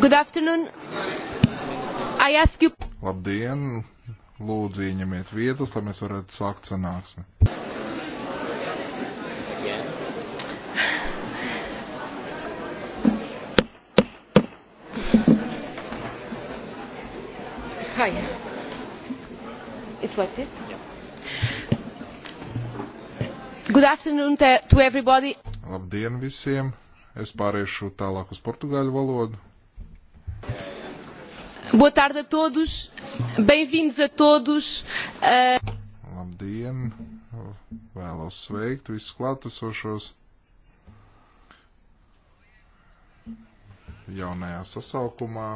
Good afternoon. I ask you. Labdien! Lūdzu, ieņemiet vietas, lai mēs varētu sākt sanāksmi. Hi. It's like this? Good afternoon to everybody. Labdien visiem! Es pāriešu tālāk uz portugāļu valodu. Boa tarde a todos, bem-vindos a todos. Uh... Labdien, vēlos sveikt visus klātesošos jaunajā sasaukumā,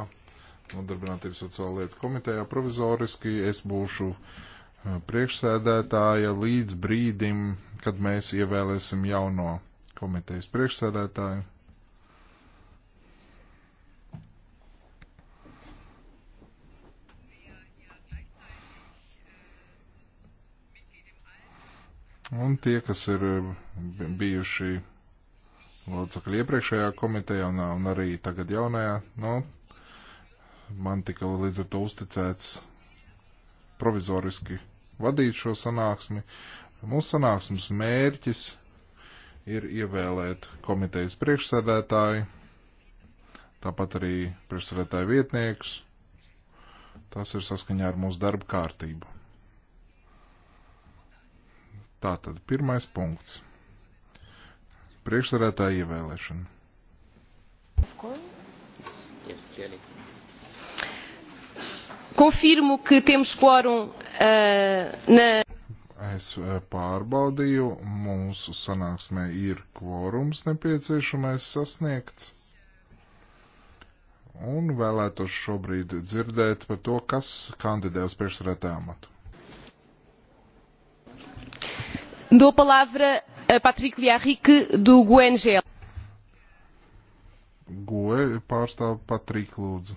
Nodarbinātības sociāla lietu komitejā provizoriski. Es būšu eh, priekšsēdētāja līdz brīdim, kad mēs ievēlēsim jauno komitejas priekšsēdētāju. Un tie, kas ir bijuši locekļi iepriekšējā komitejā un, un arī tagad jaunajā, nu, man tika līdz ar to uzticēts provizoriski vadīt šo sanāksmi. Mūsu sanāksmes mērķis ir ievēlēt komitejas priekšsēdētāju, tāpat arī priekšsēdētāju vietnieks. Tas ir saskaņā ar mūsu darba kārtību. Tātad pirmais punkts. Priekšsarētāja ievēlēšana. Confirmo que temos quórum uh, na. Es eh, pārbaudīju, mūsu sanāksmē ir kvorums nepieciešamais sasniegts. Un vēlētos šobrīd dzirdēt par to, kas kandidē uz priekšsarētāju amatu. Dou a palavra a Patrick Liarric do GUNGL. GUE pārstāv Patrick Lūdzu.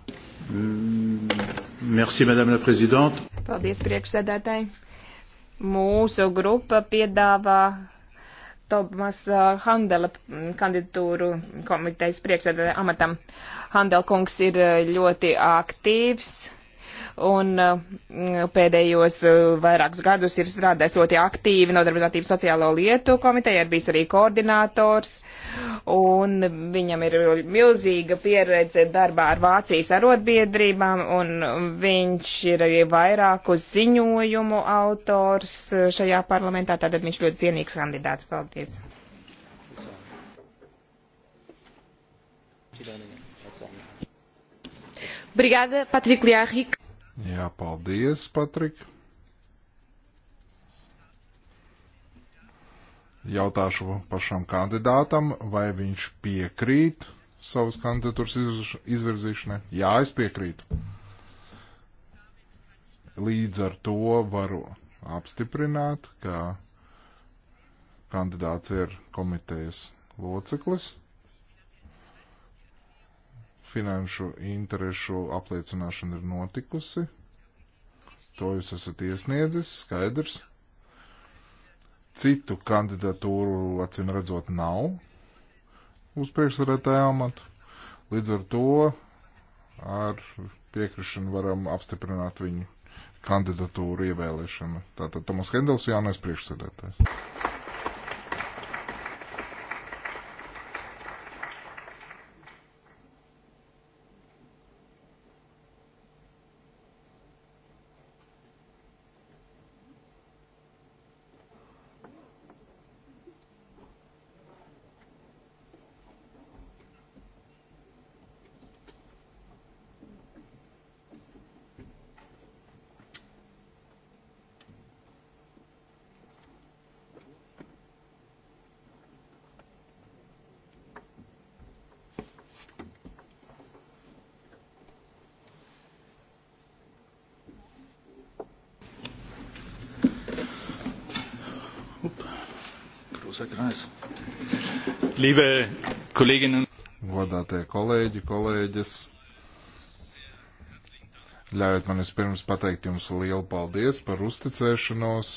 Mm, merci, Madame la Présidente. Paldies, priekšsēdētāji. Mūsu grupa piedāvā Tomas uh, Handela mm, kandidatūru komitejas priekšsēdētāja amatam. Handelkungs ir uh, ļoti aktīvs un eh, pēdējos eh, vairākus gadus ir strādājis ļoti aktīvi Nodarbinātības sociālo lietu komiteja, ir bijis arī koordinators, un viņam ir milzīga pieredze darbā ar Vācijas arotbiedrībām, un viņš ir arī vairāku ziņojumu autors eh, šajā parlamentā, tātad viņš ļoti cienīgs kandidāts. Paldies! Obrigada, Patrick Liarric. Jā, paldies, Patrik. Jautāšu pašam kandidātam, vai viņš piekrīt savas kandidatūras izvirzīšanai. Jā, es piekrītu. Līdz ar to varu apstiprināt, ka kandidāts ir komitejas loceklis finanšu interešu apliecināšana ir notikusi. To jūs esat iesniedzis, skaidrs. Citu kandidatūru acīm redzot nav uz priekšsarētāju amatu. Līdz ar to ar piekrišanu varam apstiprināt viņu kandidatūru ievēlēšanu. Tātad Tomas Hendels, jaunais priekšsēdētājs. großer Kreis. Liebe Kolleginnen un Godātie kolēģi, kolēģis, ļaujiet man vispirms pateikt jums lielu paldies par uzticēšanos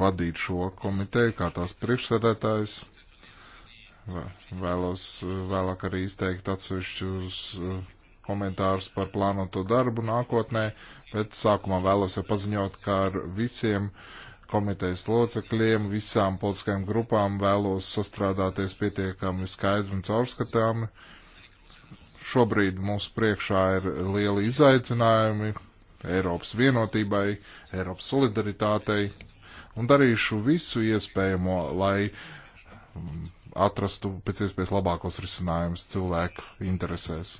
vadīt šo komiteju kā tās priekšsēdētājs. Vēlos eh, vēlāk arī izteikt atsevišķus eh, komentārus par plānoto darbu nākotnē, bet sākumā vēlos jau paziņot, ka ar visiem uh, komitejas locekļiem, visām politiskajām grupām vēlos sastrādāties pietiekami skaidri un caurskatāmi. Šobrīd mums priekšā ir lieli izaicinājumi Eiropas vienotībai, Eiropas solidaritātei, un darīšu visu iespējamo, lai mm, atrastu pēc iespējas labākos risinājumus cilvēku interesēs.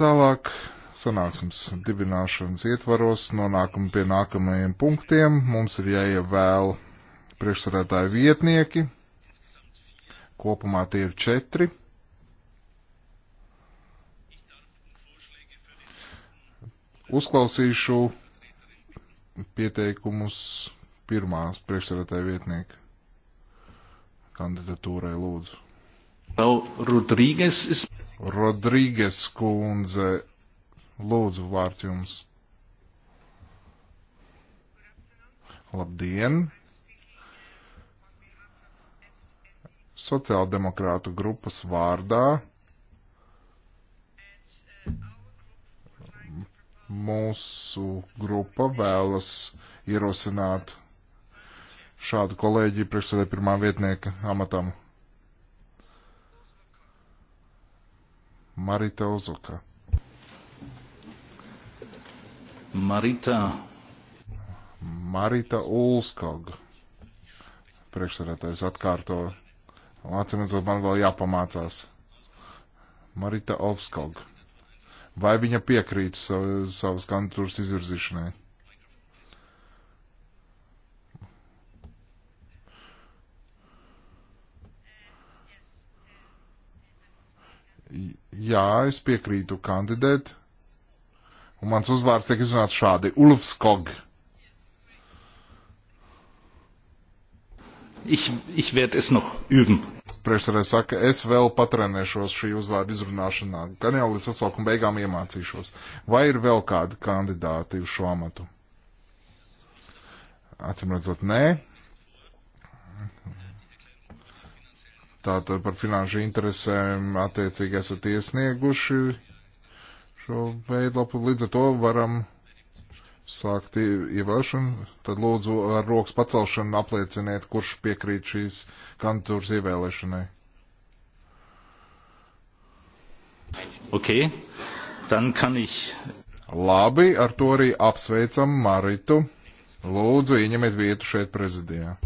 Tālāk sanāksmes dibināšanas ietvaros nonākam pie nākamajiem punktiem. Mums ir jāievēl priekšsarētāju vietnieki. Kopumā tie ir četri. Uzklausīšu pieteikumus pirmās priekšsarētāju vietnieku kandidatūrai lūdzu. Rodrīgas kundze Lūdzu, vārds jums. Labdien! Sociāldemokrātu grupas vārdā mūsu grupa vēlas ierosināt šādu kolēģi priekšsēdē pirmā vietnieka amatam. Marita Ozoka. Marita. Marita Ulskog. Priekšsarētājs atkārto. Atcīmredzot, man vēl jāpamācās. Marita Ulskog. Vai viņa piekrīt sav, savas kandidatūras izvirzīšanai? Jā, es piekrītu kandidēt. Un mans uzvārds tiek izrunāts šādi - Ulfskog. Ich, ich werde es noch üben. Priekšsarē saka, es vēl patrenēšos šī uzvārda izrunāšanā, gan jau līdz sasaukuma beigām iemācīšos. Vai ir vēl kādi kandidāti uz šo amatu? Acimredzot, nē. Tātad par finanšu interesēm attiecīgi esat iesnieguši šo veidlapu. Līdz ar to varam sākt ievēršanu. Tad lūdzu ar rokas pacelšanu aplieciniet, kurš piekrīt šīs kandidatūras ievēlēšanai. Ok, dann kann ich. Labi, ar to arī apsveicam Maritu. Lūdzu, ieņemiet vietu šeit prezidijā.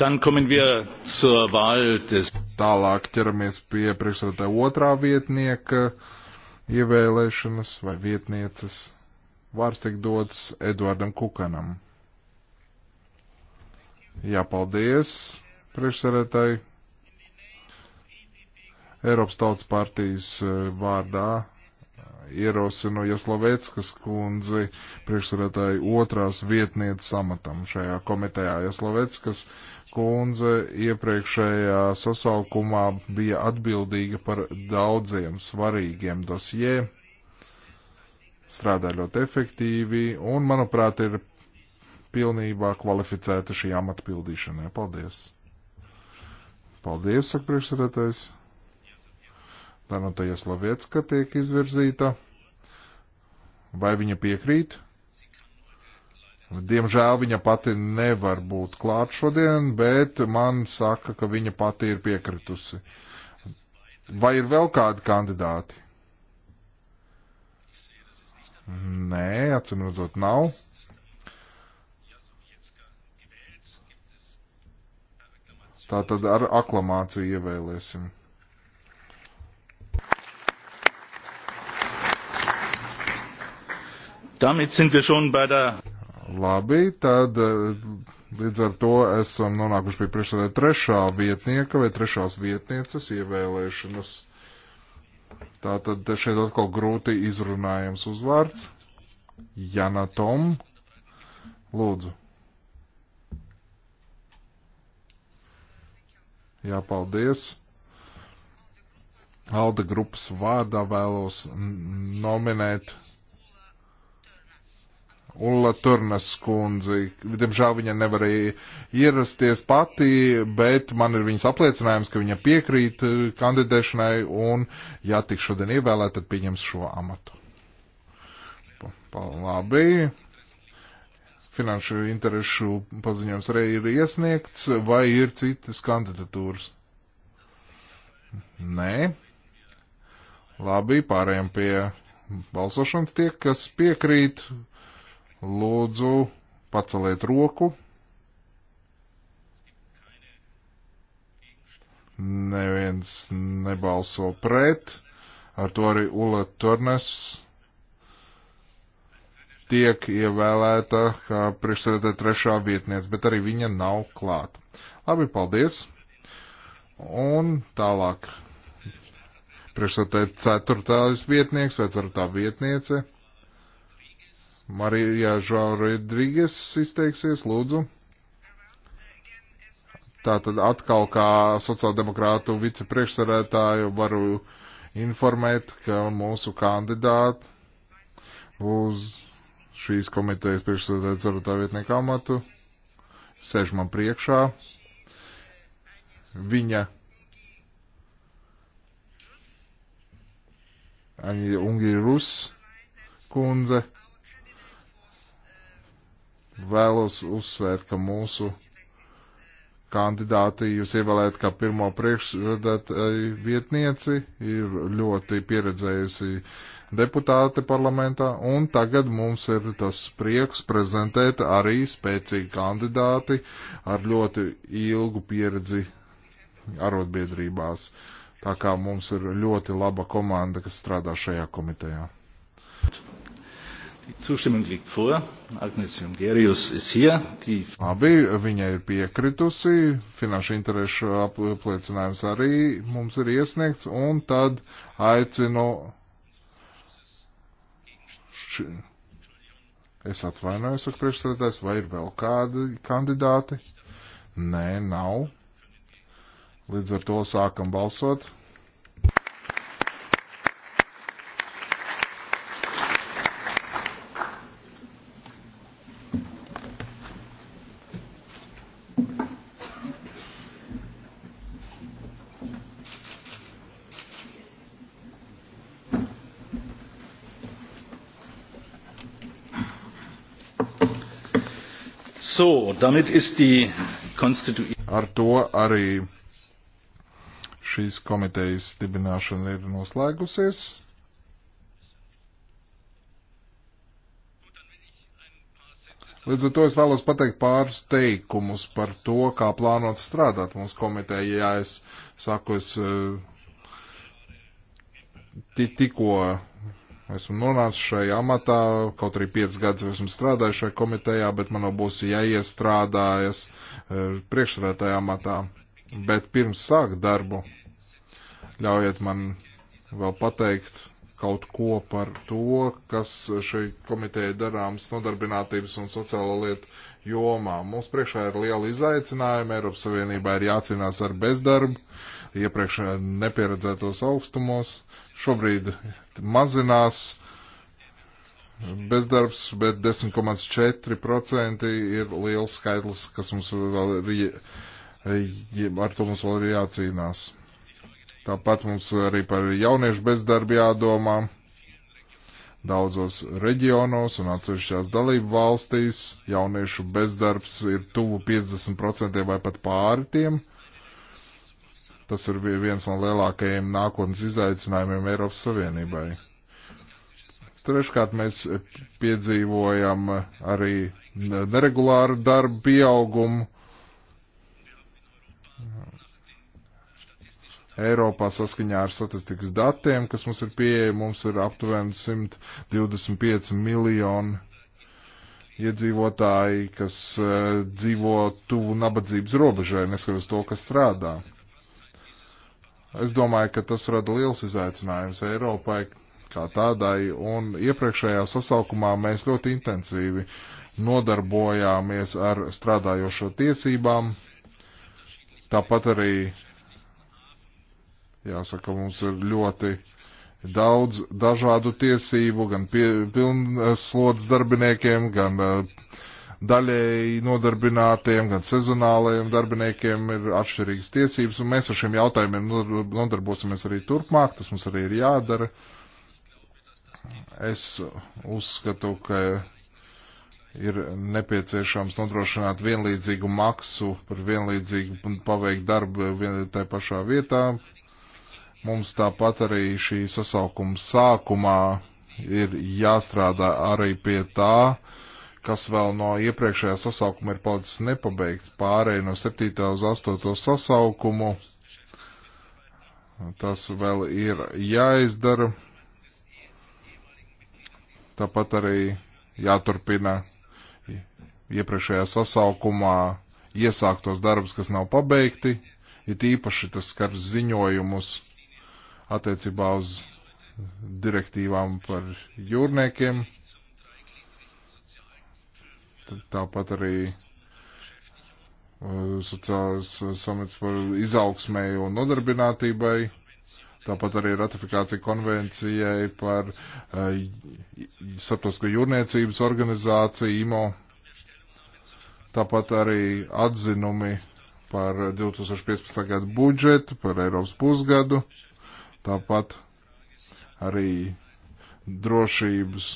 Dann kommen wir zur Wahl des. Tālāk ķeramies pie priekšsēdētāja otrā vietnieka ievēlēšanas vai vietnieces. Vārds tiek dots Eduardam Kukanam. Jā, paldies priekšsēdētāji. Eiropas Tautas partijas eh, vārdā ierosinu Jaslovetskas kundzi priekšsarētāju otrās vietnietes amatam šajā komitejā. Jaslovetskas kundze iepriekšējā sasaukumā bija atbildīga par daudziem svarīgiem dosjē, strādā ļoti efektīvi un, manuprāt, ir pilnībā kvalificēta šī amata pildīšanai. Paldies! Paldies, saka priekšsarētājs! Tanata nu Jaslovietska tiek izvirzīta. Vai viņa piekrīt? Diemžēl viņa pati nevar būt klāt šodien, bet man saka, ka viņa pati ir piekritusi. Vai ir vēl kādi kandidāti? Nē, acīm redzot, nav. Tātad ar aklamāciju ievēlēsim. Damit sind wir schon bei der. Labi, tad eh, līdz ar to esam nonākuši pie priekšsēdē trešā vietnieka vai trešās vietnieces ievēlēšanas. Tātad šeit atkal grūti izrunājams uzvārds. Jana Tom. Lūdzu. Jā, paldies. Alda grupas vārdā vēlos nominēt Ulla Turnas kundzi. Diemžēl viņa nevarēja ierasties pati, bet man ir viņas apliecinājums, ka viņa piekrīt eh, kandidēšanai un, ja tik šodien ievēlēt, tad pieņems šo amatu. Pa, pa, labi. Finanšu interešu paziņojums arī ir iesniegts, vai ir citas kandidatūras? Nē. Labi, pārējām pie balsošanas tie, kas piekrīt lūdzu paceliet roku. Neviens nebalso pret. Ar to arī Ula Turnes tiek ievēlēta kā priekšsēdētāja trešā vietniece, bet arī viņa nav klāta. Labi, paldies! Un tālāk priekšsēdētāja ceturtās vietnieks vai ceturtā vietniece. Marija Žauridrīgas izteiksies, lūdzu. Tātad atkal kā sociāldemokrātu vicepriekšsarētāju varu informēt, ka mūsu kandidāti uz šīs komitejas priekšsarētāju vietnieku amatu sēž man priekšā. Viņa Ungi Rus kundze vēlos uzsvērt, ka mūsu kandidāti jūs ievēlēt kā pirmo priekšredētāju vietnieci, ir ļoti pieredzējusi deputāte parlamentā, un tagad mums ir tas prieks prezentēt arī spēcīgi kandidāti ar ļoti ilgu pieredzi arotbiedrībās. Tā kā mums ir ļoti laba komanda, kas strādā šajā komitejā. Zustimmung liegt vor. Agnes Jungerius ist hier. Die... Labi, viņa ir piekritusi. Finanšu interešu apliecinājums arī mums ir iesniegts. Un tad aicinu. Š... Es atvainojos, saka priekšsēdētājs, vai ir vēl kādi kandidāti? Nē, nav. Līdz ar to sākam balsot. So, damit ist die Ar to arī šīs komitejas dibināšana ir noslēgusies. Līdz ar to es vēlos pateikt pāris teikumus par to, kā plānot strādāt mūsu komitē. Ja es saku, es eh, tikko esmu nonācis šajā amatā, kaut arī 5 gadus esmu strādājis šajā komitejā, bet man jau būs jāiestrādājas e, priekšsēdētāja amatā. Bet pirms sākt darbu, ļaujiet man vēl pateikt kaut ko par to, kas šai komitejai darāms nodarbinātības un sociālo lietu jomā. Mums priekšā ir liela izaicinājuma, Eiropas Savienībā ir jācīnās ar bezdarbu, iepriekš nepieredzētos augstumos. Šobrīd mazinās bezdarbs, bet 10,4% ir liels skaitlis, kas mums vēl ir, ar to mums vēl ir jācīnās. Tāpat mums arī par jauniešu bezdarbu jādomā. Daudzos reģionos un atsevišķās dalību valstīs jauniešu bezdarbs ir tuvu 50% vai pat pāri tiem. Uh, Tas ir viens no lielākajiem nākotnes izaicinājumiem Eiropas Savienībai. Treškārt, mēs piedzīvojam arī neregulāru darbu pieaugumu. Eiropā saskaņā ar statistikas datiem, kas mums ir pieeja, mums ir aptuveni 125 miljoni iedzīvotāji, kas uh, dzīvo tuvu nabadzības robežai, neskatoties to, kas strādā. Uh, Es domāju, ka tas rada liels izaicinājums Eiropai kā tādai, un iepriekšējā sasaukumā mēs ļoti intensīvi nodarbojāmies ar strādājošo tiesībām. Tāpat arī, jāsaka, mums ir ļoti daudz dažādu tiesību, gan pilnas slodzes darbiniekiem, gan uh, daļēji nodarbinātiem, gan sezonālajiem darbiniekiem ir atšķirīgas tiesības, un mēs ar šiem jautājumiem nodarbosimies arī turpmāk, tas mums arī ir jādara. Es uzskatu, ka ir nepieciešams nodrošināt vienlīdzīgu maksu par vienlīdzīgu paveikt darbu tajā pašā vietā. Mums tāpat arī šī sasaukuma sākumā ir jāstrādā arī pie tā, kas vēl no iepriekšējā sasaukuma ir palicis nepabeigts, pārēj no 7. uz 8. sasaukumu. Tas vēl ir jāizdara. Tāpat arī jāturpina iepriekšējā sasaukumā iesāktos darbus, kas nav pabeigti. It īpaši tas skar ziņojumus attiecībā uz direktīvām par jūrniekiem tāpat arī uh, sociālais uh, samits par izaugsmēji un nodarbinātībai, tāpat arī ratifikācija konvencijai par uh, starptautisko jūrniecības organizāciju IMO, tāpat arī atzinumi par 2015. gadu budžetu, par Eiropas pusgadu, tāpat arī drošības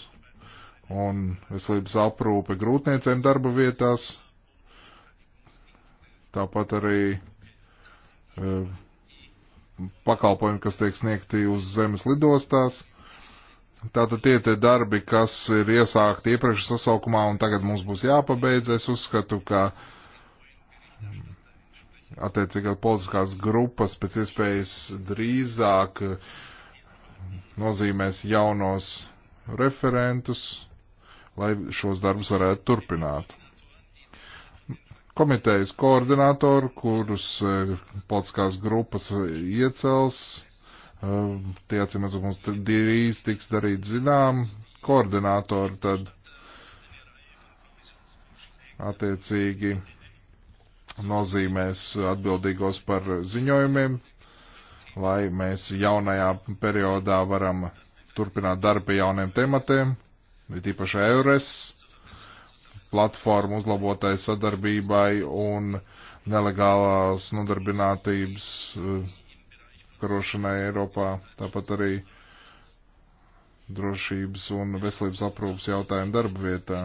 un veselības aprūpe grūtniecēm darba vietās. Tāpat arī uh, pakalpojumi, kas tiek sniegti uz zemes lidostās. Tātad tie tie darbi, kas ir iesākti iepriekš sasaukumā un tagad mums būs jāpabeidz, es uzskatu, ka attiecīgās politiskās grupas pēc iespējas drīzāk nozīmēs jaunos referentus, lai šos darbus varētu turpināt. Komitejas koordinātori, kurus eh, politiskās grupas iecels, eh, tie atcīmēs mums drīz tiks darīt zinām, koordinātori tad attiecīgi nozīmēs atbildīgos par ziņojumiem, lai mēs jaunajā periodā varam turpināt darbu pie jauniem tematiem it īpaši EURES platformu uzlabotai sadarbībai un nelegālās nodarbinātības eh, karošanai Eiropā, tāpat arī drošības un veselības aprūpas jautājumu darba vietā.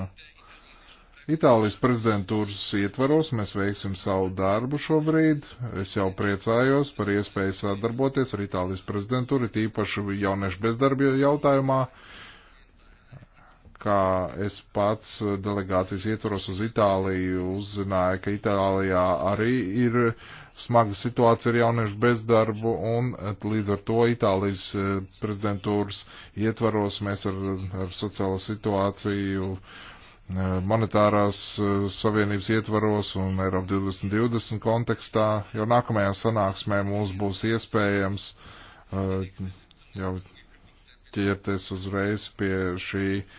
Itālijas prezidentūras ietvaros mēs veiksim savu darbu šobrīd. Es jau priecājos par iespēju sadarboties ar Itālijas prezidentūru, tīpaši jauniešu bezdarbi jautājumā, kā es pats delegācijas ietvaros uz Itāliju uzzināju, ka Itālijā arī ir smaga situācija ar jauniešu bezdarbu, un līdz ar to Itālijas e, prezidentūras ietvaros mēs ar, ar sociālo situāciju e, monetārās e, savienības ietvaros un Eiropa 2020 kontekstā, jo nākamajā sanāksmē mums būs iespējams jau ķerties uzreiz pie šī uh,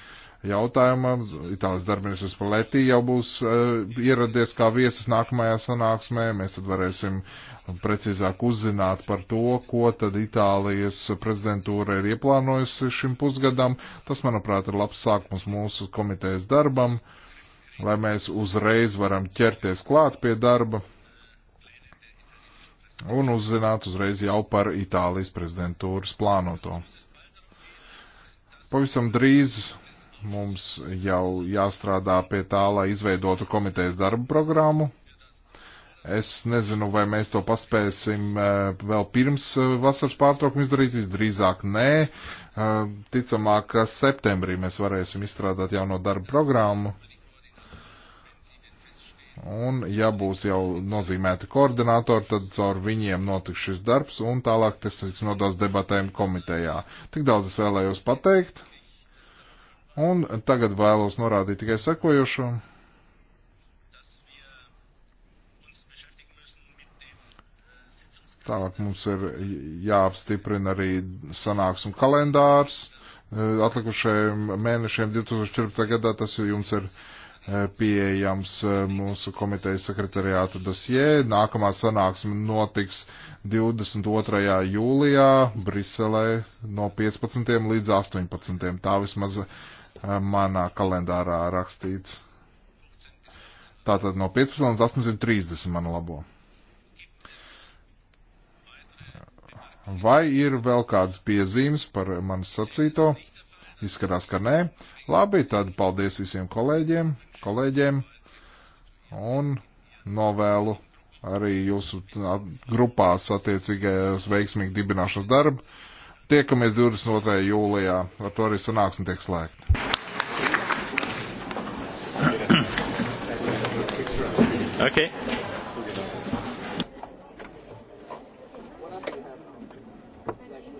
jautājumā. Itālijas darbinieks Paletī jau būs eh, ieradies kā viesis nākamajā sanāksmē. Mēs tad varēsim precīzāk uzzināt par to, ko tad Itālijas prezidentūra ir ieplānojusi šim pusgadam. Tas, manuprāt, ir labs sākums mūsu komitejas darbam, lai mēs uzreiz varam ķerties klāt pie darba un uzzināt uzreiz jau par Itālijas prezidentūras plānoto. Pavisam drīz Mums jau jāstrādā pie tā, lai izveidotu komitejas darbu programmu. Es nezinu, vai mēs to paspēsim eh, vēl pirms eh, vasaras pārtraukuma izdarīt, visdrīzāk nē. Eh, ticamāk, ka septembrī mēs varēsim izstrādāt jauno darbu programmu. Un, ja būs jau nozīmēti koordinātori, tad caur viņiem notiks šis darbs, un tālāk tas tiks nodots debatēm komitejā. Tik daudz es vēlējos pateikt. Un tagad vēlos norādīt tikai sekojošo. Tālāk mums ir jāapstiprina arī sanāksmu kalendārs. E, atlikušajiem mēnešiem 2014. gadā tas jums ir e, pieejams e, mūsu komitejas sekretariāta dosjē. Nākamā sanāksme notiks 22. jūlijā Briselē no 15. līdz 18. Tā vismaz manā kalendārā rakstīts. Tātad no 15 līdz 830 man labo. Vai ir vēl kādas piezīmes par manis sacīto? Izskatās, ka nē. Labi, tad paldies visiem kolēģiem, kolēģiem un novēlu arī jūsu grupās attiecīgajos veiksmīgi dibināšanas darbu. Tiekamies 22. jūlijā, ar to arī sanāksme tiek slēgta. Okay.